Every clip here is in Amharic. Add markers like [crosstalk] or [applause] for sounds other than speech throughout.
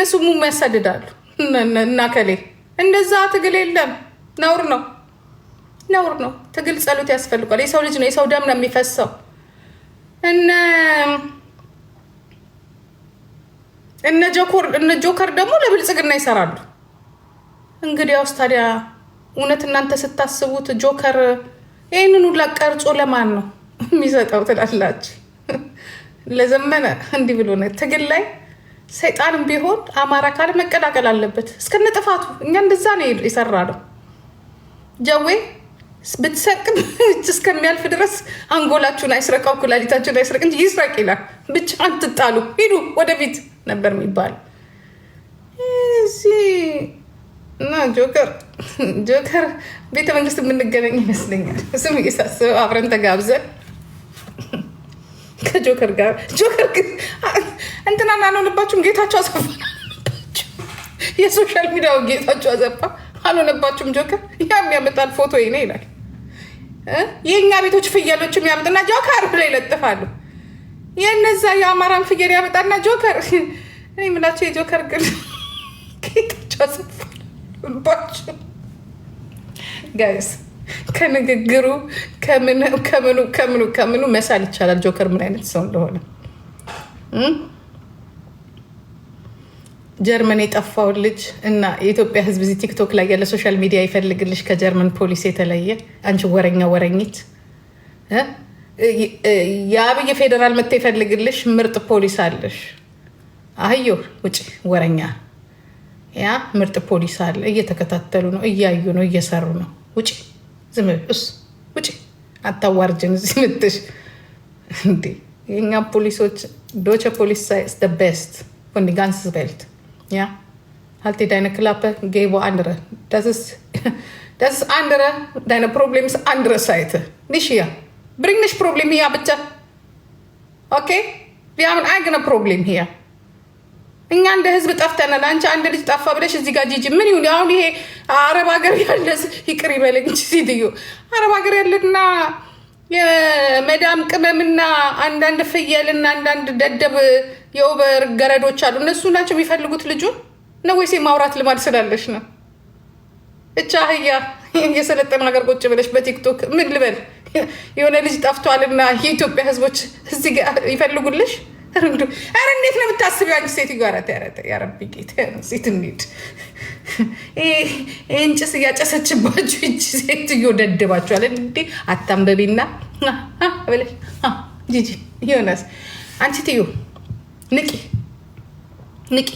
እነሱም ያሳድዳሉ እና ከሌ እንደዛ ትግል የለም። ነውር ነው፣ ነውር ነው። ትግል ጸሎት ያስፈልጓል። የሰው ልጅ ነው፣ የሰው ደም ነው የሚፈሰው። እነ ጆከር ደግሞ ለብልጽግና ይሰራሉ። እንግዲያውስ ታዲያ እውነት እናንተ ስታስቡት ጆከር ይህንን ሁላ ቀርጾ ለማን ነው የሚሰጠው ትላላችሁ? ለዘመነ እንዲህ ብሎ ነው ትግል ላይ ሰይጣንም ቢሆን አማራ ካለ መቀላቀል አለበት እስከነ ጥፋቱ። እኛ እንደዛ ነው የሰራ ነው። ጀዌ ብትሰርቅ [laughs] እስከሚያልፍ ድረስ አንጎላችሁን አይስረቀው ኩላሊታችሁን አይስረቅ እንጂ ይስረቅ ይላል። ብቻ አትጣሉ፣ ሂዱ ወደፊት ነበር የሚባለው። እዚህ እና ጆከር ጆከር ቤተ መንግስት የምንገናኝ ይመስለኛል። ስም እየሳስበው አብረን ተጋብዘን ከጆከር ጋር ጆከር እንትና አልሆነባችሁም። ጌታቸው አሰፋ የሶሻል ሚዲያው ጌታቸው አሰፋ አልሆነባችሁም። ጆከር ያም ያመጣል ፎቶ ይኔ ይላል። የእኛ ቤቶች ፍየሎችም ያመጣና ጆከር ብለው ይለጥፋሉ። የነዛ የአማራን ፍየል ያመጣና ጆከር እኔ የምላቸው የጆከር ግን ጌታቸው አሰፋባቸው ጋይስ ከንግግሩ ከምኑ ከምኑ ከምኑ መሳል ይቻላል ጆከር ምን አይነት ሰው እንደሆነ ጀርመን የጠፋውን ልጅ እና የኢትዮጵያ ሕዝብ እዚህ ቲክቶክ ላይ ያለ ሶሻል ሚዲያ ይፈልግልሽ። ከጀርመን ፖሊስ የተለየ አንቺ ወረኛ ወረኝት፣ የአብይ ፌዴራል መጥቶ ይፈልግልሽ። ምርጥ ፖሊስ አለሽ። አህዮ ውጭ ወረኛ። ያ ምርጥ ፖሊስ አለ። እየተከታተሉ ነው፣ እያዩ ነው፣ እየሰሩ ነው። ውጭ ዝም እሱ ውጭ። አታዋርጅን እዚህ ምትሽ እንዴ! የእኛ ፖሊሶች ዶቸ ፖሊስ ስ ደ ቤስት ኮንዲጋንስ ቤልት Ja, halt dir deine Klappe, geh wo andere. Das ist, das ist andere, deine Problem ist andere Seite, nicht hier. Bring nicht Problem hier, bitte. Okay? Wir haben ein eigenes Problem hier። እኛ እንደ ህዝብ ጠፍተናል። አንቺ አንድ ልጅ ጠፋ ብለሽ እዚህ ጋር ጂጂ ምን ይሁን አሁን? ይሄ አረብ ሀገር ያለ ይቅር ይበለኝ ሴትዮ አረብ ሀገር ያለና የመዳም ቅመምና አንዳንድ ፍየልና አንዳንድ ደደብ የኦበር ገረዶች አሉ። እነሱ ናቸው የሚፈልጉት ልጁን ነው ወይስ የማውራት ልማድ ስላለሽ ነው? እቻ አህያ የሰለጠነ ሀገር ቁጭ ብለሽ በቲክቶክ ምን ልበል የሆነ ልጅ ጠፍቷልና የኢትዮጵያ ሕዝቦች እዚህ ጋር ይፈልጉልሽ። ኧረ እንዴት ነው የምታስቢው አንቺ ሴትዮ? ኧረ ተይ ያረቢ ጌታ ሴት እንሂድ። ይህን ጭስ እያጨሰችባችሁ እጅ ሴትዮ ደድባችኋል እንዴ? አታንበቢና ብለሽ ጂጂ ዮናስ፣ አንቺ ትዩ ንቂ፣ ንቂ።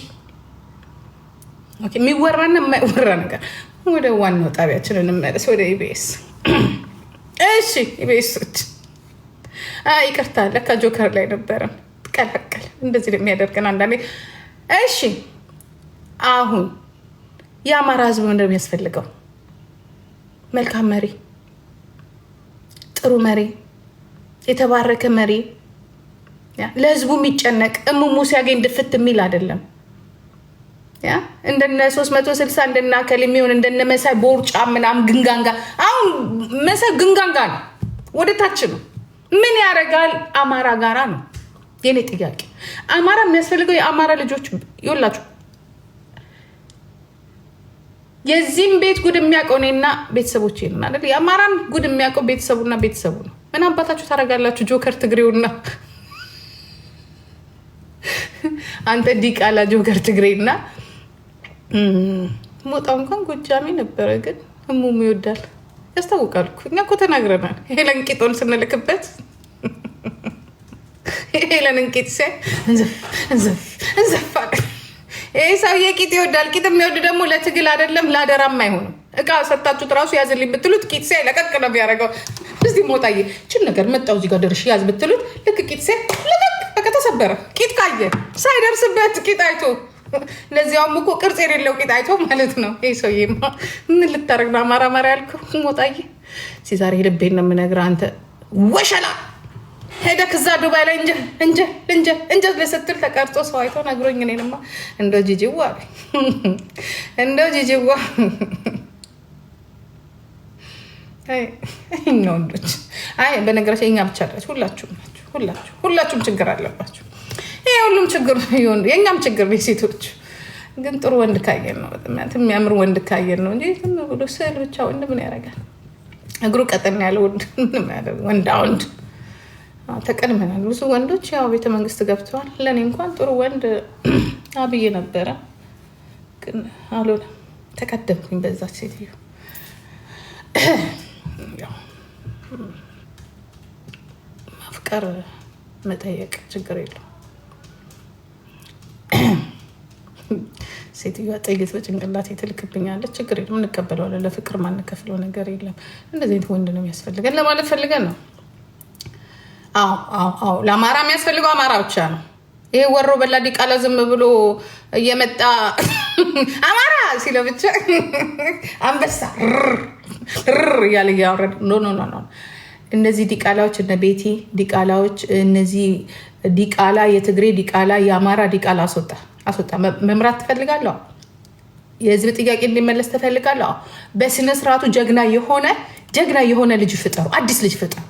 የሚወራና የማይወራ ነገር ወደ ዋናው ጣቢያችን እንመለስ፣ ወደ ኢቢኤስ። እሺ ኢቢኤሶች፣ ይቅርታ ለካ ጆከር ላይ ነበረን። ይቀላቀል። እንደዚህ የሚያደርገን አንዳንዴ። እሺ አሁን የአማራ ህዝብ ምንድን ነው የሚያስፈልገው? መልካም መሪ፣ ጥሩ መሪ፣ የተባረከ መሪ፣ ለህዝቡ የሚጨነቅ እሙሙ ሲያገኝ ድፍት የሚል አይደለም። እንደነ 360 እንደነ አከል የሚሆን እንደነ መሳይ ቦርጫ ምናምን ግንጋንጋ። አሁን መሳይ ግንጋንጋ ነው፣ ወደ ታች ነው። ምን ያደርጋል? አማራ ጋራ ነው የኔ ጥያቄ አማራ የሚያስፈልገው የአማራ ልጆች ይወላችሁ የዚህም ቤት ጉድ የሚያውቀው እኔና ቤተሰቦች ይልና አይደል? የአማራን ጉድ የሚያውቀው ቤተሰቡና ቤተሰቡ ነው። ምን አባታችሁ ታደርጋላችሁ? ጆከር ትግሬውና [laughs] አንተ ዲቃላ ጆከር ትግሬና ሞጣ እንኳን ጎጃሜ ነበረ፣ ግን ህሙም ይወዳል ያስታውቃል። እኛ እኮ ተናግረናል። ሄለን ቂጦን ስንልክበት ሄለን [laughs] ቂጥ ሲያይ እንዘፍ ይህ ሰውዬ ቂጥ ይወዳል። ቂጥ የሚወድ ደግሞ ለትግል አይደለም ላደራም አይሆንም። እቃ ሰጣችሁት ራሱ ያዝልኝ ብትሉት ቂጥ ሲያይ ለቀቅ ነው የሚያደርገው። እዚህ ሞጣዬ ችን ነገር መጣው እዚህ ጋር ደርሽ ያዝ ብትሉት ልክ ቂጥ ሲያይ ለቀቅ በቃ ተሰበረ። ቂጥ ካየ ሳይደርስበት ቂጥ አይቶ [laughs] ለዚያውም እኮ ቅርጽ የሌለው ቂጥ አይቶ ማለት ነው። ይህ ሰውዬማ ምን ልታረግ ነው? አማራ ማራ ያልከው ሞጣዬ፣ ዛሬ ልቤን ነው የምነግርህ አንተ ወሸላ ሄደ ከዛ ዱባይ ላይ እንጀ እንጀ እንጀ እንጀ ስትል ተቀርጾ ሰው አይቶ ነግሮኝ፣ እኔንማ እንደው ጂጂዋ እንደው ጂጂዋ እኛ ወንዶች አይ በነገራችን እኛ ብቻ አላችሁ፣ ሁላችሁም ናችሁ፣ ሁላችሁ ሁላችሁም ችግር አለባችሁ። ይሄ ሁሉም ችግር ይሁን የኛም ችግር ነው የሴቶች ግን ጥሩ ወንድ ካየን ነው በጣም የሚያምር ወንድ ካየን ነው እንጂ ዝም ብሎ ስዕል ብቻ ወንድ ምን ያደርጋል? እግሩ ቀጠን ያለ ወንድ ወንዳ ወንድ ተቀድመናል። ብዙ ወንዶች ያው ቤተ መንግስት ገብተዋል። ለእኔ እንኳን ጥሩ ወንድ [clears throat] አብይ ነበረ፣ ግን አሉን ተቀደምኩኝ በዛች ሴትዮ። [clears throat] ማፍቀር መጠየቅ ችግር የለው። [clears throat] ሴትዮዋ ጥይት በጭንቅላት ትልክብኛለች። ችግር የለም፣ እንቀበለዋለን። ለፍቅር ማንከፍለው ነገር የለም። እንደዚህ አይነት ወንድ ነው የሚያስፈልገን ለማለት ፈልገን ነው አዎ አዎ አዎ፣ ለአማራ የሚያስፈልገው አማራ ብቻ ነው። ይህ ወሮ በላ ዲቃላ ዝም ብሎ እየመጣ [laughs] አማራ ሲለው ብቻ [laughs] አንበሳ እያለ እያወረድ ኖ ኖ ኖ። እነዚህ ዲቃላዎች እነ ቤቴ ዲቃላዎች እነዚህ ዲቃላ የትግሬ ዲቃላ የአማራ ዲቃላ አስወጣ አስወጣ። መምራት ትፈልጋለሁ። የህዝብ ጥያቄ እንዲመለስ ትፈልጋለሁ። በስነስርዓቱ ጀግና የሆነ ጀግና የሆነ ልጅ ፍጠሩ፣ አዲስ ልጅ ፍጠሩ።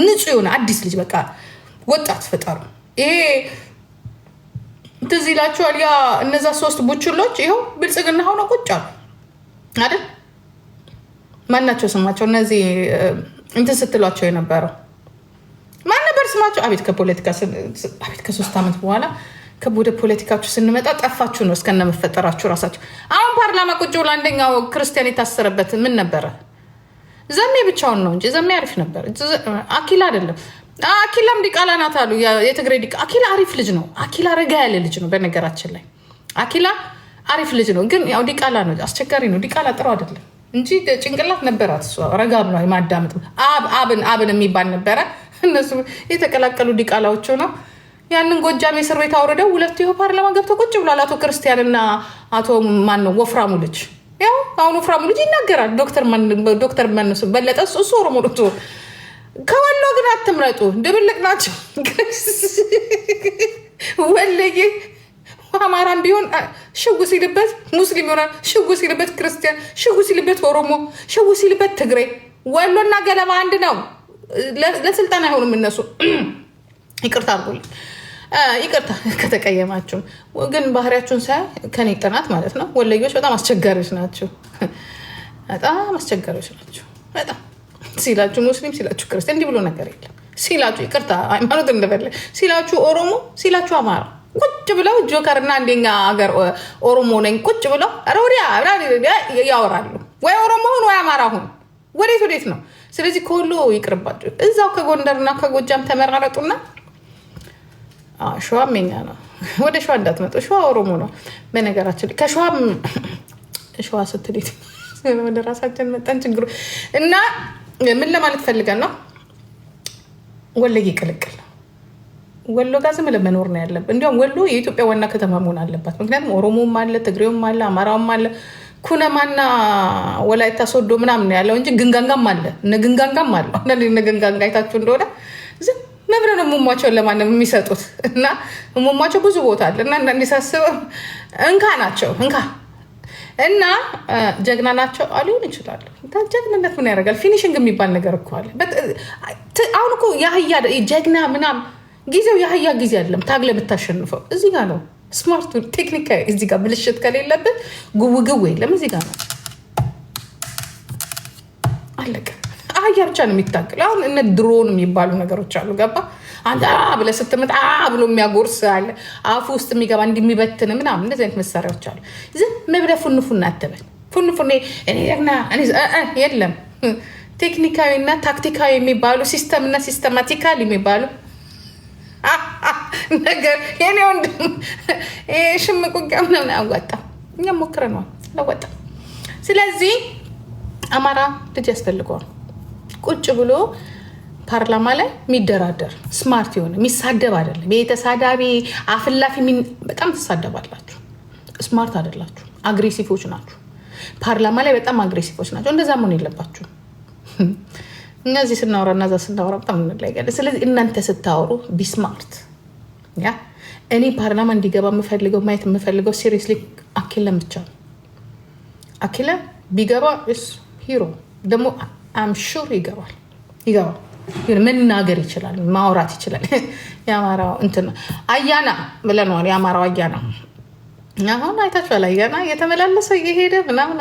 ንጹህ የሆነ አዲስ ልጅ በቃ ወጣት ፈጠሩ ይሄ ትዝ ይላችኋል፣ ያ እነዛ ሶስት ቡችሎች ይኸው ብልጽግና ሆነ ቁጭ አሉ አይደል? ማናቸው ስማቸው? እነዚህ እንትን ስትሏቸው የነበረው ማን ነበር ስማቸው? አቤት ከፖለቲካ አቤት ከሶስት ዓመት በኋላ ከወደ ፖለቲካችሁ ስንመጣ ጠፋችሁ ነው እስከነመፈጠራችሁ ራሳችሁ። አሁን ፓርላማ ቁጭ ብሎ አንደኛው ክርስቲያን የታሰረበት ምን ነበረ? ዘሜ ብቻውን ነው እንጂ ዘሜ አሪፍ ነበር። አኪላ አይደለም። አኪላም ዲቃላ ናት አሉ የትግሬ ዲቃ አኪላ አሪፍ ልጅ ነው። አኪላ ረጋ ያለ ልጅ ነው። በነገራችን ላይ አኪላ አሪፍ ልጅ ነው፣ ግን ያው ዲቃላ ነው። አስቸጋሪ ነው። ዲቃላ ጥሩ አይደለም እንጂ ጭንቅላት ነበራት። ረጋ ብሏል። ማዳመጥ አብን አብን የሚባል ነበረ። እነሱ የተቀላቀሉ ዲቃላዎች ነው። ያንን ጎጃም የእስር ቤት አውርደው ሁለቱ ይኸው ፓርላማ ገብተው ቁጭ ብሏል። አቶ ክርስቲያንና አቶ ማን ነው ወፍራሙ ልጅ ያው አሁን ወፍራሙ ልጅ ይናገራል። ዶክተር መነሱ በለጠ እሱ ኦሮሞ ልቶ ከወሎ ግን አትምረጡ፣ ድብልቅ ናቸው። ወለየ አማራም ቢሆን ሽጉ ሲልበት ሙስሊም ይሆናል። ሽጉ ሲልበት ክርስቲያን፣ ሽጉ ሲልበት ኦሮሞ፣ ሽጉ ሲልበት ትግሬ። ወሎና ገለባ አንድ ነው። ለስልጣን አይሆኑም እነሱ። [clears throat] ይቅርታ አርጎልኝ ይቅርታ [laughs] ከተቀየማችሁ ግን ባህሪያችሁን ሳይ ከኔ ጥናት ማለት ነው ወለዮች በጣም አስቸጋሪዎች ናችሁ፣ [laughs] በጣም አስቸጋሪዎች ናችሁ። በጣም ሲላችሁ ሙስሊም፣ ሲላችሁ ክርስቲያን፣ እንዲህ ብሎ ነገር የለም። ሲላችሁ ይቅርታ ሃይማኖት እንደበለ ሲላችሁ ኦሮሞ፣ ሲላችሁ አማራ ቁጭ ብለው ጆከር እና እንደኛ ሀገር ኦሮሞ ነኝ ቁጭ ብለው ረውዲያ ያወራሉ። ወይ ኦሮሞ ሁን ወይ አማራ ሁን፣ ወዴት ወዴት ነው? ስለዚህ ከሁሉ ይቅርባችሁ። እዛው ከጎንደርና ከጎጃም ተመራረጡና ሸዋም የኛ ነው። ወደ ሸዋ እንዳትመጡ፣ ሸዋ ኦሮሞ ነው። በነገራችን ላይ ከሸዋም ሸዋ ስትል ወደ ራሳችን መጣን ችግሩ እና ምን ለማለት ፈልገን ነው? ወለጌ ቅልቅል ወሎ ጋር ዝም ብለን መኖር ነው ያለብን። እንዲሁም ወሎ የኢትዮጵያ ዋና ከተማ መሆን አለባት። ምክንያቱም ኦሮሞም አለ፣ ትግሬውም አለ፣ አማራውም አለ፣ ኩነማና ወላይታ ሶዶ ምናምን ያለው እንጂ ግንጋንጋም አለ፣ እነ ግንጋንጋም አለ። አንዳንዴ እነ ግንጋንጋ አይታችሁ እንደሆነ ዝም ነብረ ነው ሙሟቸውን ለማንም የሚሰጡት? እና ሙሟቸው ብዙ ቦታ አለ እና እንዳንዴ ሳስበው እንካ ናቸው እንካ እና ጀግና ናቸው አሊሆን ይችላሉ። ጀግንነት ምን ያደርጋል? ፊኒሽንግ የሚባል ነገር እኮ አለ። አሁን እኮ ያህያ ጀግና ምናም ጊዜው የአህያ ጊዜ አለም ታግለ ብታሸንፈው እዚህ ጋር ነው። ስማርቱ ቴክኒካ እዚህ ጋር ብልሽት ከሌለብን ጉውግው የለም። እዚህ ጋር ነው አለቀ። አህያ ብቻ ነው የሚታገለው። አሁን እነ ድሮን የሚባሉ ነገሮች አሉ። ገባ አንተ ብለህ ስትመጣ ብሎ የሚያጎርስ አለ፣ አፉ ውስጥ የሚገባ እንዲህ የሚበትን ምናምን፣ እንደዚህ አይነት መሳሪያዎች አሉ። ዝም ብለህ ፉንፉን አትበል። ፉንፉን የለም። ቴክኒካዊ እና ታክቲካዊ የሚባሉ ሲስተም እና ሲስተማቲካል የሚባሉ ነገር የኔ ወንድም ሽምቅ ውጊያ ምናምን አያዋጣም። እኛም ሞክረነዋል፣ አላዋጣም። ስለዚህ አማራ ልጅ ያስፈልገዋል። ቁጭ ብሎ ፓርላማ ላይ የሚደራደር ስማርት የሆነ የሚሳደብ አይደለም። የተሳዳቢ ተሳዳቢ አፍላፊ በጣም ትሳደባላችሁ። ስማርት አይደላችሁ፣ አግሬሲፎች ናችሁ። ፓርላማ ላይ በጣም አግሬሲፎች ናቸው። እንደዛ መሆን የለባችሁ። [laughs] እነዚህ ስናወራ እና እዛ ስናወራ በጣም እንለያለን። ስለዚህ እናንተ ስታወሩ ቢስማርት ያ እኔ ፓርላማ እንዲገባ የምፈልገው ማየት የምፈልገው ሲሪየስሊ አኬለን ብቻ ነው። አኬለን ቢገባ ሂሮ ደግሞ አምሹር ይገባል ይገባል መናገር ይችላል፣ ማውራት ይችላል። [laughs] የአማራው እንትን አያና ብለነዋል። የአማራው አያና አሁን አይታችኋል። አያና እየተመላለሰ እየሄደ ምናምን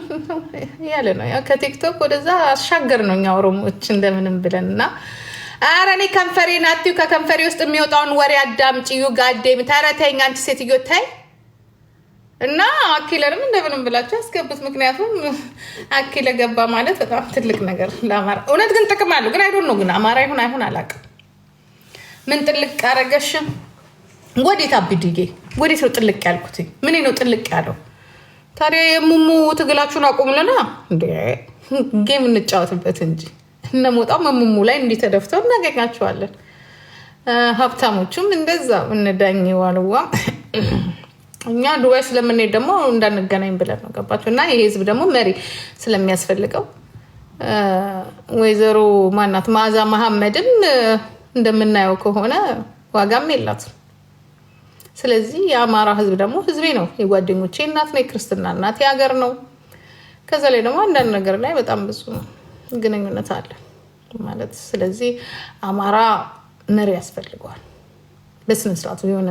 [laughs] እያለ ነው። ከቲክቶክ ወደዛ አሻገር ነው እኛ ኦሮሞዎች እንደምንም ብለን እና ኧረ እኔ ከንፈሬ ናትዩ ከከንፈሬ ውስጥ የሚወጣውን ወሬ አዳምጪ ዩ ጋዴም ተረተኝ አንቺ ሴትዮ እና አኬለንም እንደምንም ብላችሁ አስገቡት። ምክንያቱም አኬለ ገባ ማለት በጣም ትልቅ ነገር ለአማራ። እውነት ግን ጥቅም አለው። ግን አይዶን ነው ግን አማራ ይሁን አይሁን አላውቅም። ምን ጥልቅ አረገሽ? ወዴት አብድዬ? ወዴት ነው ጥልቅ ያልኩት? ምን ነው ጥልቅ ያለው ታዲያ? የሙሙ ትግላችሁን አቁምልና ጌም እንጫወትበት እንጂ እነሞጣም መሙሙ ላይ እንዲህ ተደፍተው እናገኛቸዋለን። ሀብታሞቹም እንደዛ እንዳኝ ዋልዋ እኛ ዱባይ ስለምንሄድ ደግሞ እንዳንገናኝ ብለን ነው ገባቸው። እና ይሄ ህዝብ ደግሞ መሪ ስለሚያስፈልገው ወይዘሮ ማናት መዓዛ መሐመድን እንደምናየው ከሆነ ዋጋም የላትም። ስለዚህ የአማራ ህዝብ ደግሞ ህዝቤ ነው፣ የጓደኞቼ እናት ነው፣ የክርስትና እናት የሀገር ነው። ከዛ ላይ ደግሞ አንዳንድ ነገር ላይ በጣም ብዙ ግንኙነት አለ ማለት ስለዚህ አማራ መሪ ያስፈልገዋል በስነስርዓቱ የሆነ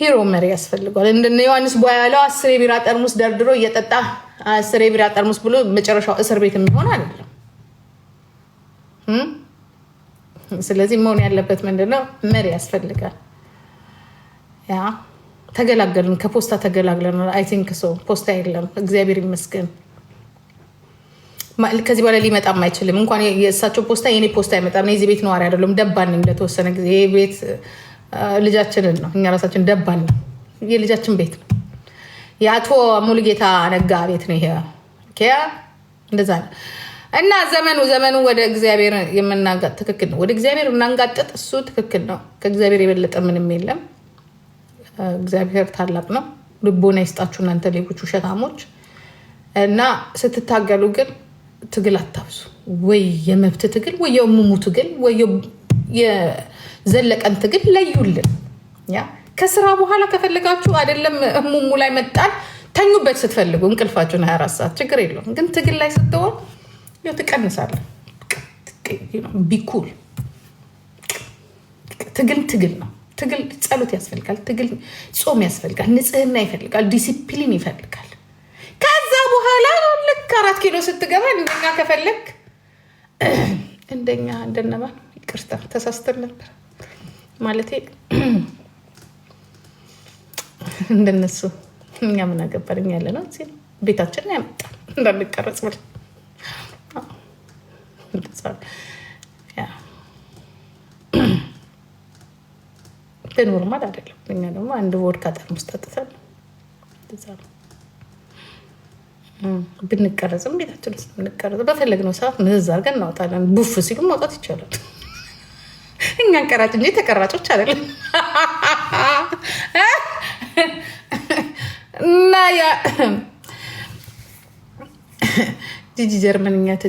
ሂሮ መሪ ያስፈልገዋል። እንደነ ዮሐንስ ቧ ያለው አስር የቢራ ጠርሙስ ደርድሮ እየጠጣ አስር የቢራ ጠርሙስ ብሎ መጨረሻው እስር ቤት የሚሆን አይደለም። ስለዚህ መሆን ያለበት ምንድነው? መሪ ያስፈልጋል። ያ ተገላገልን፣ ከፖስታ ተገላግለናል። አይ ቲንክ ሶ ፖስታ የለም፣ እግዚአብሔር ይመስገን። ከዚህ በኋላ ሊመጣም አይችልም። እንኳን የእሳቸው ፖስታ የኔ ፖስታ አይመጣም። የዚህ ቤት ነዋሪ አይደለም፣ ደባን እንደተወሰነ ጊዜ ቤት ልጃችንን ነው። እኛ ራሳችን ደባል ነው። የልጃችን ቤት ነው። የአቶ ሙሉጌታ ነጋ ቤት ነው። ይሄ እንደዛ ነው። እና ዘመኑ ዘመኑ ወደ እግዚአብሔር የምናንጋጥ ትክክል ነው። ወደ እግዚአብሔር የምናንጋጥጥ እሱ ትክክል ነው። ከእግዚአብሔር የበለጠ ምንም የለም። እግዚአብሔር ታላቅ ነው። ልቦና ይስጣችሁ እናንተ ሌቦች ውሸታሞች። እና ስትታገሉ ግን ትግል አታብሱ ወይ የመብት ትግል፣ ወይ የእሙሙ ትግል፣ ወይ ዘለቀን ትግል ለዩልን። ከስራ በኋላ ከፈለጋችሁ አይደለም ህሙሙ ላይ መጣል ተኙበት ስትፈልጉ እንቅልፋችሁን 24 ሰዓት ችግር የለውም። ግን ትግል ላይ ስትሆን ትቀንሳለ። ቢኩል ትግል ትግል ነው። ትግል ጸሎት ያስፈልጋል። ትግል ጾም ያስፈልጋል። ንጽህና ይፈልጋል። ዲሲፕሊን ይፈልጋል። ከዛ በኋላ ልክ አራት ኪሎ ስትገባ እንደኛ ከፈለግ [clears throat] እንደኛ እንደነባ ይቅርታ ተሳስተን ነበር። ማለቴ [clears throat] እንደነሱ እኛ ምን አገባን ያለ ነው። እዚህ ቤታችንን ያመጣል እንዳንቀረጽ ብለን [clears throat] ኖርማል አይደለም። እኛ ደግሞ አንድ ወድካ ጠርሙስ ጠጥተን ብንቀረጽም ቤታችን ውስጥ ብንቀረጽ በፈለግነው ሰዓት ምዝዝ አድርገን እናወጣለን። ቡፍ ሲሉ ማውጣት ይቻላል። እኛን ቀራጭ እንጂ ተቀራጮች አይደለም። እና ያ ጂጂ ጀርመንኛ ተች